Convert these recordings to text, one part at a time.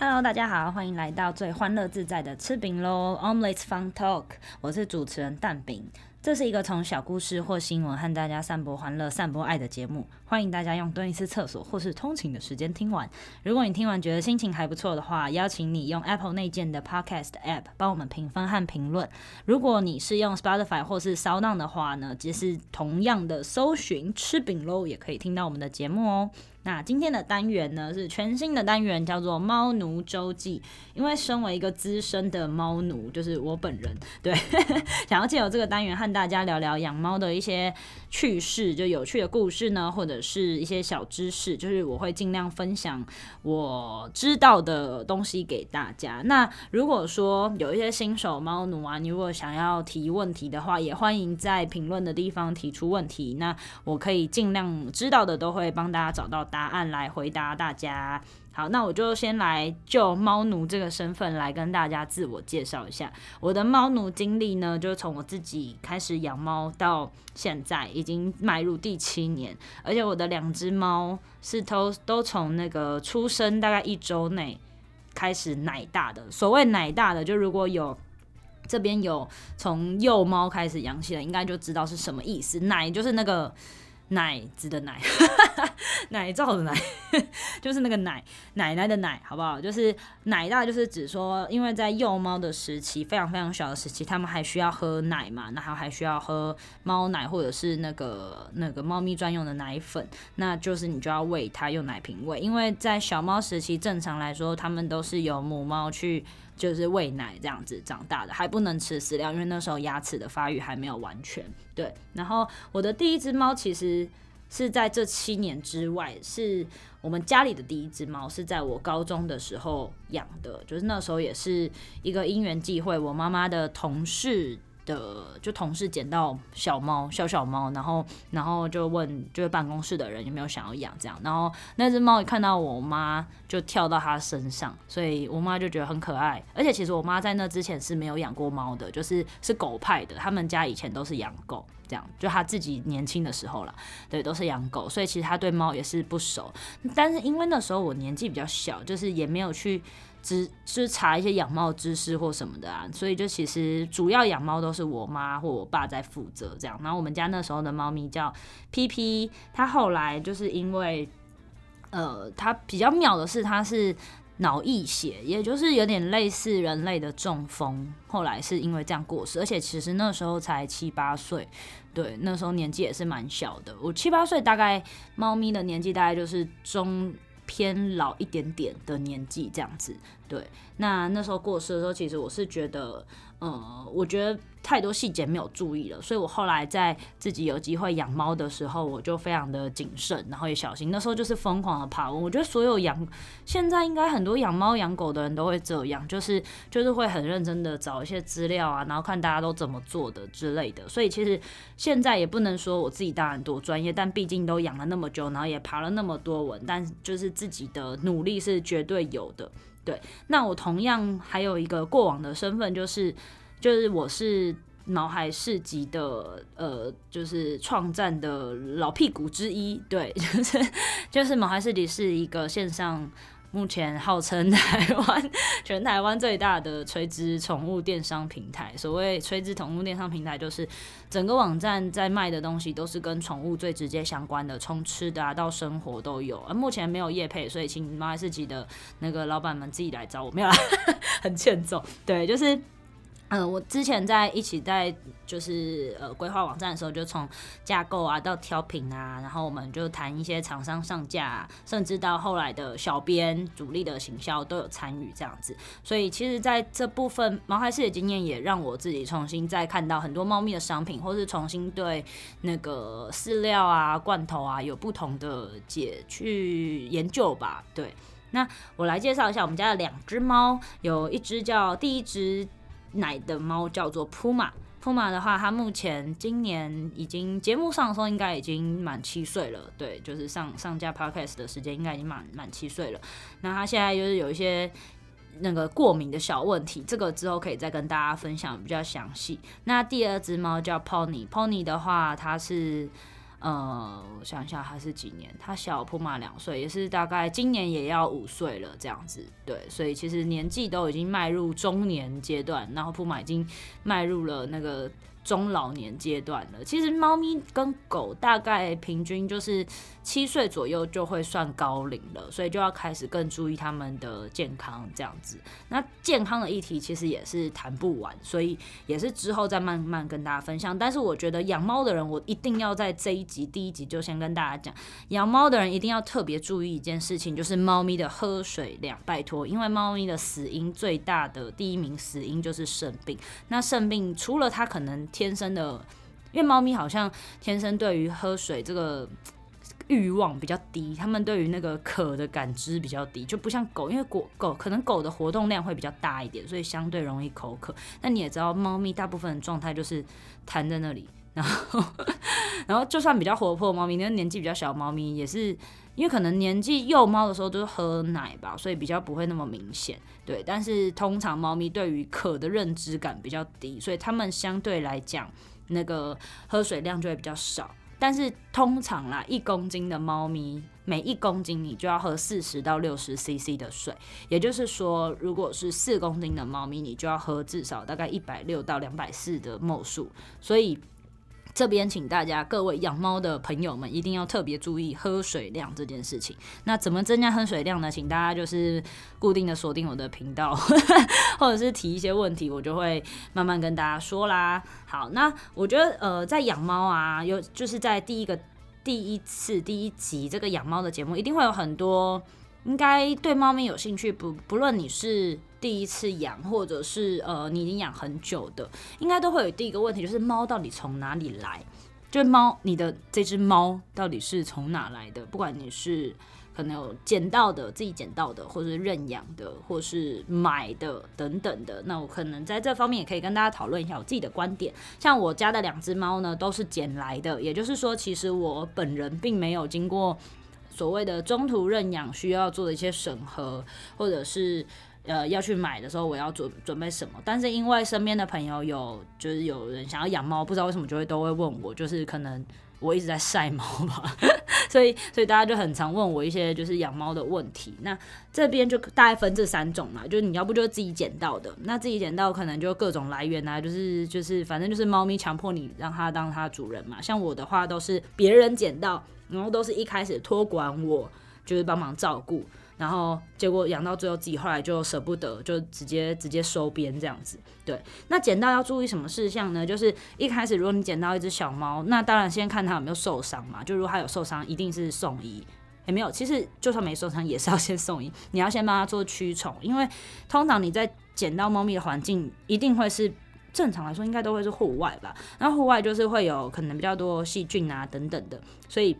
Hello，大家好，歡迎來到最歡樂自在的吃餅嘍 Omelets Fun Talk，我是主持人蛋餅。這是一個從小故事或新聞和大家散播歡樂、散播愛的節目。歡迎大家用蹲一次廁所或是通勤的時間聽完。如果你聽完覺得心情還不錯的話，邀請你用 Apple 內建的 Podcast App 幫我們評分和評論。如果你是用 Spotify 或是 SoundOn 的話呢，即使同樣的搜尋吃餅嘍，也可以聽到我們的節目哦、喔。那今天的單元呢，是全新的單元，叫做《貓奴週記》。因為身為一個資深的貓奴，就是我本人，對， 想要借由這個單元和大家聊聊養貓的一些趣事，就有趣的故事呢，或者是一些小知識，就是我會盡量分享我知道的東西給大家。那如果說有一些新手貓奴啊，你如果想要提問題的話，也歡迎在評論的地方提出問題。那我可以盡量知道的都會幫大家找到答案。答案來回答大家。好，那我就先來就貓奴這個身份來跟大家自我介紹一下。我的貓奴經歷呢，就從我自己開始養貓到現在，已經邁入第七年。而且我的兩隻貓是都都從那個出生大概一周內開始奶大的。所謂奶大的，就如果有這邊有從幼貓開始養起來，應該就知道是什麼意思。奶就是那個。奶子的奶 奶罩灶的奶， 就是那個奶奶奶的奶，好不好？就是奶大，就是指說，因為在幼貓的時期，非常非常小的時期，他們還需要喝奶嘛，然後還需要喝貓奶或者是那個那個貓咪專用的奶粉，那就是你就要餵它用奶瓶餵，因為在小貓時期，正常來說，它們都是由母貓去。就是餵奶這樣子長大的，還不能吃飼料，因為那時候牙齒的發育還沒有完全。對，然後我的第一隻貓其實是在這七年之外，是我們家裡的第一隻貓，是在我高中的時候養的，就是那時候也是一個因緣際會，我媽媽的同事的就同事撿到小貓，小小貓，然後然後就問就是辦公室的人有沒有想要養這樣，然後那只貓一看到我媽就跳到她身上，所以我媽就覺得很可愛，而且其實我媽在那之前是沒有養過貓的，就是是狗派的，他們家以前都是養狗，這樣就她自己年輕的時候啦，對，都是養狗，所以其實她對貓也是不熟，但是因為那時候我年紀比較小，就是也沒有去。只是查一些養貓知識或什麼的啊，所以就其實主要養貓都是我媽或我爸在負責這樣。然後我們家那時候的貓咪叫 PP，它後來就是因為，呃，它比較妙的是它是腦溢血，也就是有點類似人類的中風，後來是因為這樣過世。而且其實那時候才七八歲，對，那時候年紀也是蠻小的。我七八歲大概貓咪的年紀大概就是中偏老一點點的年紀，這樣子，對。那那時候過世的時候，其實我是覺得。嗯，我覺得太多細節沒有注意了，所以我後來在自己有機會養貓的時候，我就非常的謹慎，然後也小心。那時候就是瘋狂的爬文，我覺得所有養，現在應該很多養貓養狗的人都會這樣，就是就是會很認真的找一些資料啊，然後看大家都怎麼做的之類的。所以其實現在也不能說我自己當然多專業，但畢竟都養了那麼久，然後也爬了那麼多文，但就是自己的努力是絕對有的。對，那我同樣還有一個過往的身份，就是就是我是毛孩市集的呃，就是創戰的老屁股之一，對，就是就是毛孩市集是一個線上。目前號稱台灣全台灣最大的垂直寵物電商平台，所謂垂直寵物電商平台，就是整個網站在賣的東西都是跟寵物最直接相關的，從吃的、啊、到生活都有。而目前沒有業配，所以請媽自己的那個老闆們自己來找我，沒有啦 很欠揍。對，就是。嗯、呃，我之前在一起在就是呃規劃網站的時候，就從架構啊到挑品啊，然後我們就談一些廠商上架、啊，甚至到後來的小編主力的行銷都有參與這樣子。所以其實在這部分毛孩事業的經驗也讓我自己重新再看到很多貓咪的商品，或是重新對那個飼料啊罐頭啊有不同的解去研究吧。對，那我來介紹一下我們家的兩只貓，有一只叫第一只。奶的貓叫做 Puma，Puma 的話，它目前今年已經節目上說應該已經滿七歲了，對，就是上上架 Podcast 的時間應該已經滿滿七歲了。那它現在就是有一些那個過敏的小問題，這個之後可以再跟大家分享比較詳細。那第二隻貓叫 Pony，Pony 的話，它是。嗯，我想一下，他是幾年？他小普馬兩歲，也是大概今年也要五歲了，這樣子。對，所以其實年紀都已經邁入中年階段，然後普馬已經邁入了那個。中老年階段了，其實貓咪跟狗大概平均就是七歲左右就會算高齡了，所以就要開始更注意它們的健康這樣子。那健康的議題其實也是談不完，所以也是之後再慢慢跟大家分享。但是我覺得養貓的人，我一定要在這一集第一集就先跟大家講，養貓的人一定要特別注意一件事情，就是貓咪的喝水量，拜托，因為貓咪的死因最大的第一名死因就是腎病。那腎病除了它可能。天生的，因為貓咪好像天生對於喝水這個慾望比較低，它們對於那個渴的感知比較低，就不像狗，因為狗狗可能狗的活動量會比較大一點，所以相對容易口渴。那你也知道，貓咪大部分的狀態就是癱在那裡。然後，然後就算比較活潑的貓咪，因為年紀比較小的貓咪也是，因為可能年紀幼貓的時候都是喝奶吧，所以比較不會那麼明顯。對，但是通常貓咪對於渴的認知感比較低，所以它們相對來講那個喝水量就會比較少。但是通常啦，一公斤的貓咪，每一公斤你就要喝四十到六十 CC 的水，也就是說，如果是四公斤的貓咪，你就要喝至少大概一百六到兩百四的貓數，所以。這邊請大家各位養貓的朋友們一定要特別注意喝水量這件事情。那怎麼增加喝水量呢？請大家就是固定的鎖定我的頻道， 或者是提一些問題，我就會慢慢跟大家說啦。好，那我覺得呃，在養貓啊，有就是在第一個第一次第一集這個養貓的節目，一定會有很多應該對貓咪有興趣，不不論你是。第一次養，或者是呃，你已經養很久的，應該都會有第一個問題，就是貓到底從哪裡來？就是貓，你的這隻貓到底是從哪來的？不管你是可能有撿到的、自己撿到的，或是認養的，或是買的等等的。那我可能在這方面也可以跟大家討論一下我自己的觀點。像我家的兩隻貓呢，都是撿來的，也就是說，其實我本人並沒有經過所謂的中途認養需要做的一些審核，或者是。呃，要去買的時候，我要準準備什麼？但是因為身邊的朋友有，就是有人想要養貓，不知道為什麼就會都會問我，就是可能我一直在曬貓吧， 所以所以大家就很常問我一些就是養貓的問題。那這邊就大概分這三種嘛，就是你要不就自己撿到的，那自己撿到可能就各種來源啊，就是就是反正就是貓咪強迫你讓它當它主人嘛。像我的話都是別人撿到，然後都是一開始託管我，就是幫忙照顧。然後結果養到最後，自己後來就捨不得，就直接直接收編這樣子。對，那撿到要注意什麼事項呢？就是一開始如果你撿到一隻小貓，那當然先看它有沒有受傷嘛。就如果它有受傷，一定是送醫。也沒有，其實就算沒受傷，也是要先送醫。你要先幫它做驅蟲，因為通常你在撿到貓咪的環境，一定會是正常來說應該都會是戶外吧。那戶外就是會有可能比較多細菌啊等等的，所以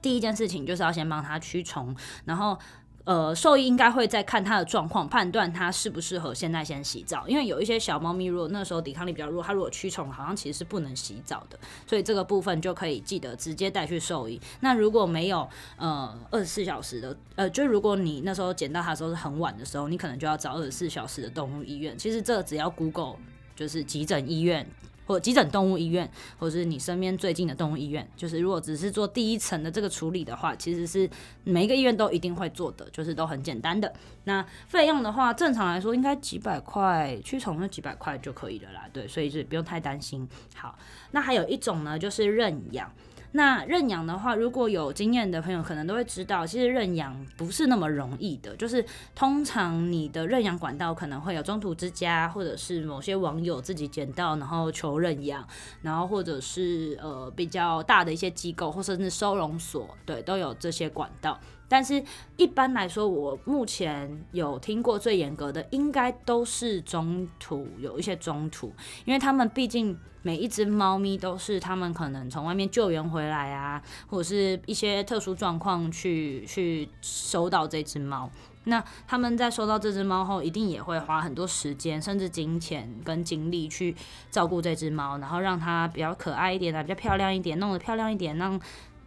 第一件事情就是要先幫它驅蟲，然後。呃，獸醫應該會再看它的狀況，判斷它適不適合現在先洗澡。因為有一些小貓咪，如果那時候抵抗力比較弱，它如果驅蟲，好像其實是不能洗澡的。所以這個部分就可以記得直接帶去獸醫。那如果沒有呃二十四小時的，呃，就如果你那時候撿到它的時候是很晚的時候，你可能就要找二十四小時的動物醫院。其實這只要 Google 就是急診醫院。或者急診動物醫院，或者是你身邊最近的動物醫院，就是如果只是做第一層的這個處理的話，其實是每一個醫院都一定會做的，就是都很簡單的。那費用的話，正常來說應該幾百塊，驅蟲的幾百塊就可以了啦，對，所以就是不用太擔心。好，那還有一種呢，就是認養。那認養的話，如果有經驗的朋友，可能都會知道，其實認養不是那麼容易的。就是通常你的認養管道，可能會有中途之家，或者是某些網友自己撿到，然後求認養，然後或者是呃比較大的一些機構，或甚至收容所，對，都有這些管道。但是一般來說，我目前有聽過最嚴格的，應該都是中途，有一些中途，因為他們畢竟每一隻貓咪都是他們可能從外面救援回來啊，或者是一些特殊狀況去去收到這隻貓。那他們在收到這隻貓後，一定也會花很多時間，甚至金錢跟精力去照顧這隻貓，然後讓它比較可愛一點啊，比較漂亮一點，弄得漂亮一點，讓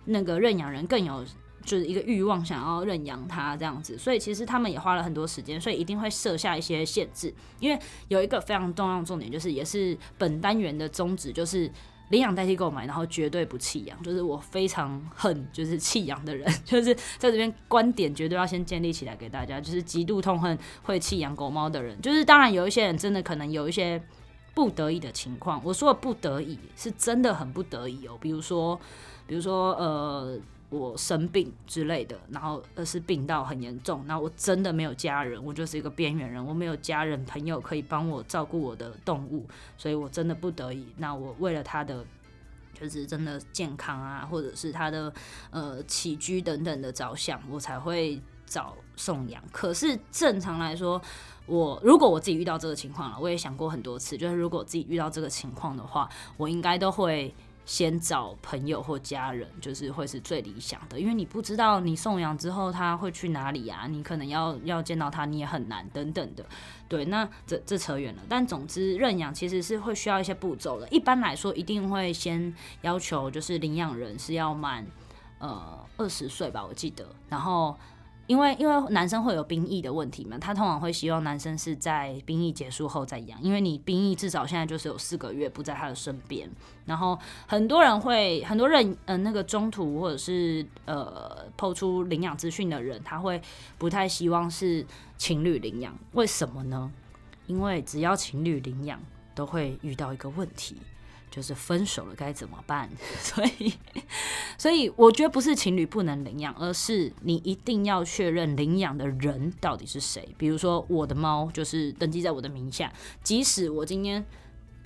那個認養人更有。就是一個慾望，想要認養它這樣子，所以其實他們也花了很多時間，所以一定會設下一些限制。因為有一個非常重要的重點，就是也是本單元的宗旨，就是領養代替購買，然後絕對不棄養。就是我非常恨，就是棄養的人，就是在這邊觀點絕對要先建立起來給大家，就是極度痛恨會棄養狗貓的人。就是當然有一些人真的可能有一些不得已的情況，我說的不得已，是真的很不得已哦。比如說，比如說呃。我生病之類的，然後而是病到很嚴重，那我真的沒有家人，我就是一個邊緣人，我沒有家人朋友可以幫我照顧我的動物，所以我真的不得已，那我為了他的就是真的健康啊，或者是他的呃起居等等的着想，我才會找送養。可是正常來說，我如果我自己遇到這個情況了，我也想過很多次，就是如果自己遇到這個情況的話，我應該都會。先找朋友或家人，就是會是最理想的。因為你不知道你送養之後他會去哪裡啊，你可能要要見到他你也很難等等的，對，那這這扯遠了。但總之認養其實是會需要一些步驟的，一般來說一定會先要求就是領養人是要滿呃二十歲吧，我記得，然後。因為因為男生會有兵役的問題嘛，他通常會希望男生是在兵役結束後再養，因為你兵役至少現在就是有四個月不在他的身邊，然後很多人會很多人嗯、呃、那個中途或者是呃拋出領養資訊的人，他會不太希望是情侶領養，為什麼呢？因為只要情侶領養都會遇到一個問題。就是分手了該怎麼辦？所以，所以我覺得不是情侶不能領養，而是你一定要確認領養的人到底是誰。比如說，我的貓就是登記在我的名下，即使我今天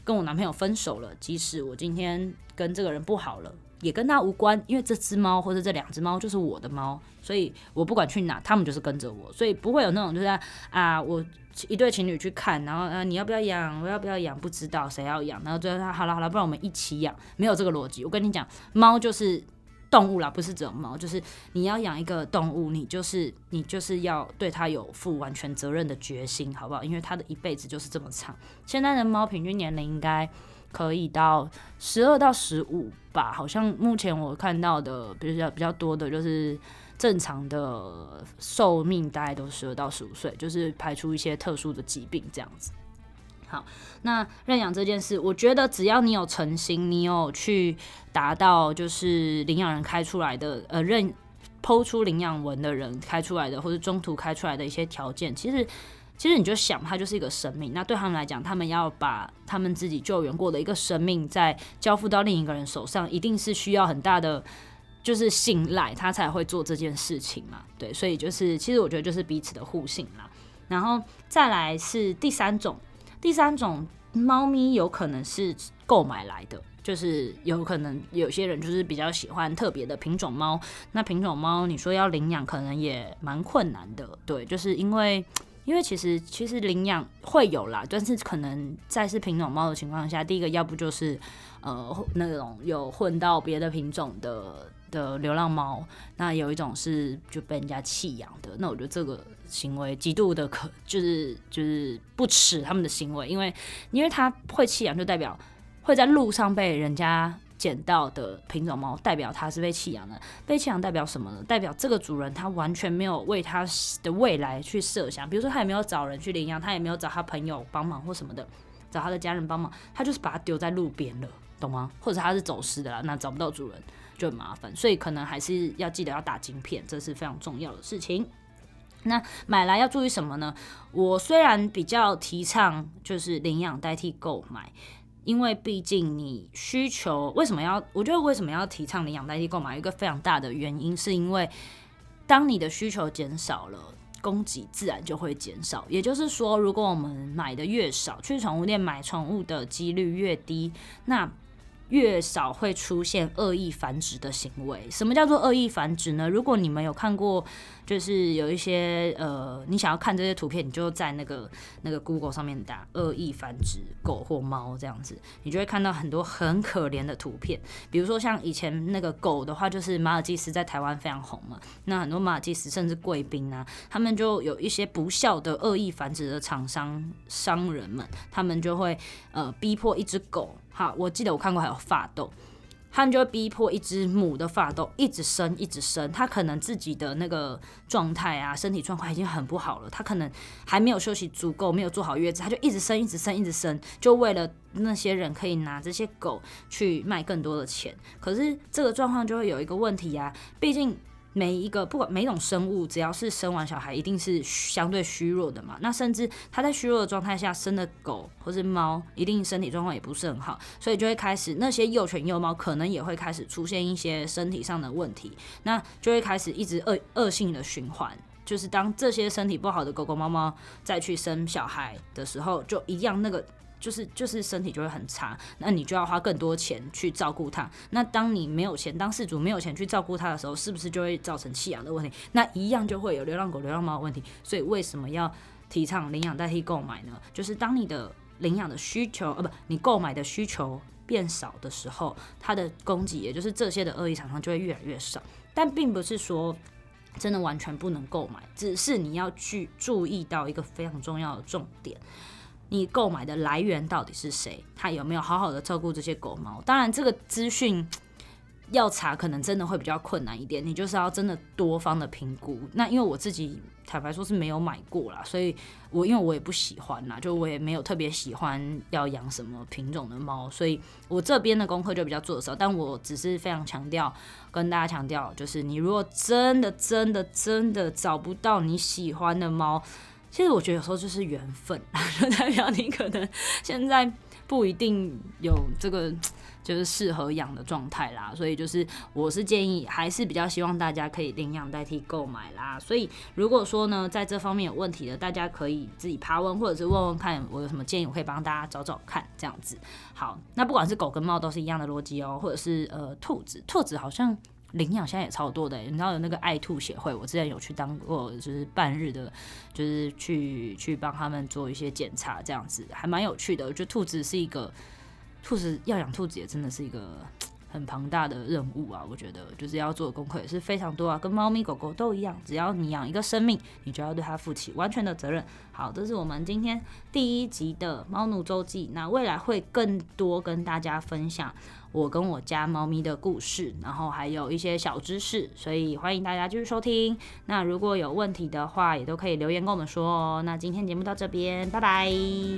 跟我男朋友分手了，即使我今天跟這個人不好了。也跟他無關，因為這隻貓或者這兩隻貓就是我的貓，所以我不管去哪，他們就是跟着我，所以不會有那種就是啊，啊我一對情侶去看，然後啊，你要不要養，我要不要養，不知道誰要養，然後最後說好了，好了，不然我們一起養，沒有這個邏輯。我跟你講，貓就是動物啦，不是這種貓，就是你要養一個動物，你就是你就是要對它有負完全責任的決心，好不好？因為它的一輩子就是這麼長。現在的貓平均年齡應該。可以到十二到十五吧，好像目前我看到的，比較比較多的就是正常的壽命大概都十二到十五歲，就是排除一些特殊的疾病這樣子。好，那認養這件事，我覺得只要你有誠心，你有去達到就是領養人開出來的，呃，認，PO 出領養文的人開出來的，或者中途開出來的一些條件，其實。其實你就想，它就是一個生命。那對他們來講，他們要把他們自己救援過的一個生命，再交付到另一個人手上，一定是需要很大的就是信賴，他才會做這件事情嘛。對，所以就是其實我覺得就是彼此的互信啦。然後再來是第三種，第三種貓咪有可能是購買來的，就是有可能有些人就是比較喜歡特別的品種貓。那品種貓你說要領養，可能也蠻困難的。對，就是因為。因為其實其實領養會有啦，但是可能在是品種貓的情況下，第一個要不就是呃那種有混到別的品種的的流浪貓，那有一種是就被人家棄養的，那我覺得這個行為極度的可就是就是不齒他們的行為，因為因為他會棄養，就代表會在路上被人家。撿到的品種貓代表它是被棄養的，被棄養代表什麼呢？代表這個主人他完全沒有為他的未來去設想，比如說他也沒有找人去領養，他也沒有找他朋友幫忙或什麼的，找他的家人幫忙，他就是把它丟在路邊了，懂嗎？或者他是走失的啦，那找不到主人就很麻煩，所以可能還是要記得要打晶片，這是非常重要的事情。那買來要注意什麼呢？我雖然比較提倡就是領養代替購買。因為畢竟你需求為什麼要？我覺得為什麼要提倡領養代替購買？一個非常大的原因是因為，當你的需求減少了，供給自然就會減少。也就是說，如果我們買的越少，去寵物店買寵物的幾率越低，那越少會出現惡意繁殖的行為。什麼叫做惡意繁殖呢？如果你們有看過，就是有一些呃，你想要看這些圖片，你就在那個那個 Google 上面打“惡意繁殖狗”或“貓”這樣子，你就會看到很多很可憐的圖片。比如說像以前那個狗的話，就是馬爾濟斯在台灣非常紅嘛，那很多馬爾濟斯甚至貴賓啊，他們就有一些不肖的惡意繁殖的廠商商人們，他們就會呃逼迫一隻狗。好，我記得我看過還有法鬥，他們就會逼迫一只母的法鬥一直生，一直生。它可能自己的那個狀態啊，身體狀況已經很不好了，它可能還沒有休息足夠，沒有做好月子，它就一直生，一直生，一直生，就為了那些人可以拿這些狗去賣更多的錢。可是這個狀況就會有一個問題啊，畢竟。每一個不管每種生物，只要是生完小孩，一定是相對虛弱的嘛。那甚至它在虛弱的狀態下生的狗或是貓，一定身體狀況也不是很好，所以就會開始那些幼犬幼貓可能也會開始出現一些身體上的問題，那就會開始一直惡惡性的循環。就是當這些身體不好的狗狗貓貓再去生小孩的時候，就一樣那個。就是就是身體就會很差，那你就要花更多錢去照顧它。那當你沒有錢，當飼主沒有錢去照顧它的時候，是不是就會造成棄養的問題？那一樣就會有流浪狗、流浪貓的問題。所以為什麼要提倡領養代替購買呢？就是當你的領養的需求，呃，不，你購買的需求變少的時候，它的供給，也就是這些的惡意廠商就會越來越少。但並不是說真的完全不能購買，只是你要去注意到一個非常重要的重點。你購買的來源到底是誰？他有沒有好好的照顧這些狗貓？當然，這個資訊要查，可能真的會比較困難一點。你就是要真的多方的評估。那因為我自己坦白說是沒有買過啦，所以我因為我也不喜歡啦，就我也沒有特別喜歡要養什麼品種的貓，所以我這邊的功課就比較做的少。但我只是非常強調，跟大家強調，就是你如果真的、真的、真的找不到你喜歡的貓。其實我覺得有時候就是緣分啊，就代表你可能現在不一定有這個就是適合養的狀態啦，所以就是我是建議還是比較希望大家可以領養代替購買啦。所以如果說呢，在這方面有問題的，大家可以自己爬文或者是問問看我有什麼建議，我可以幫大家找找看這樣子。好，那不管是狗跟貓都是一樣的邏輯哦，或者是呃兔子，兔子好像，領養現在也超多的，欸，你知道有那個愛兔協會，我之前有去當過，就是半日的，就是去去幫他們做一些檢查，這樣子還蠻有趣的。我覺得兔子是一個，兔子要養兔子也真的是一個很龐大的任務啊，我覺得就是要做的功課也是非常多啊，跟貓咪狗狗都一樣，只要你養一個生命，你就要對它負起完全的責任。好，這是我們今天第一集的《貓奴週記》，那未來會更多跟大家分享我跟我家貓咪的故事，然後還有一些小知識，所以歡迎大家繼續收聽。那如果有問題的話，也都可以留言跟我們說哦。那今天節目到這邊，拜拜。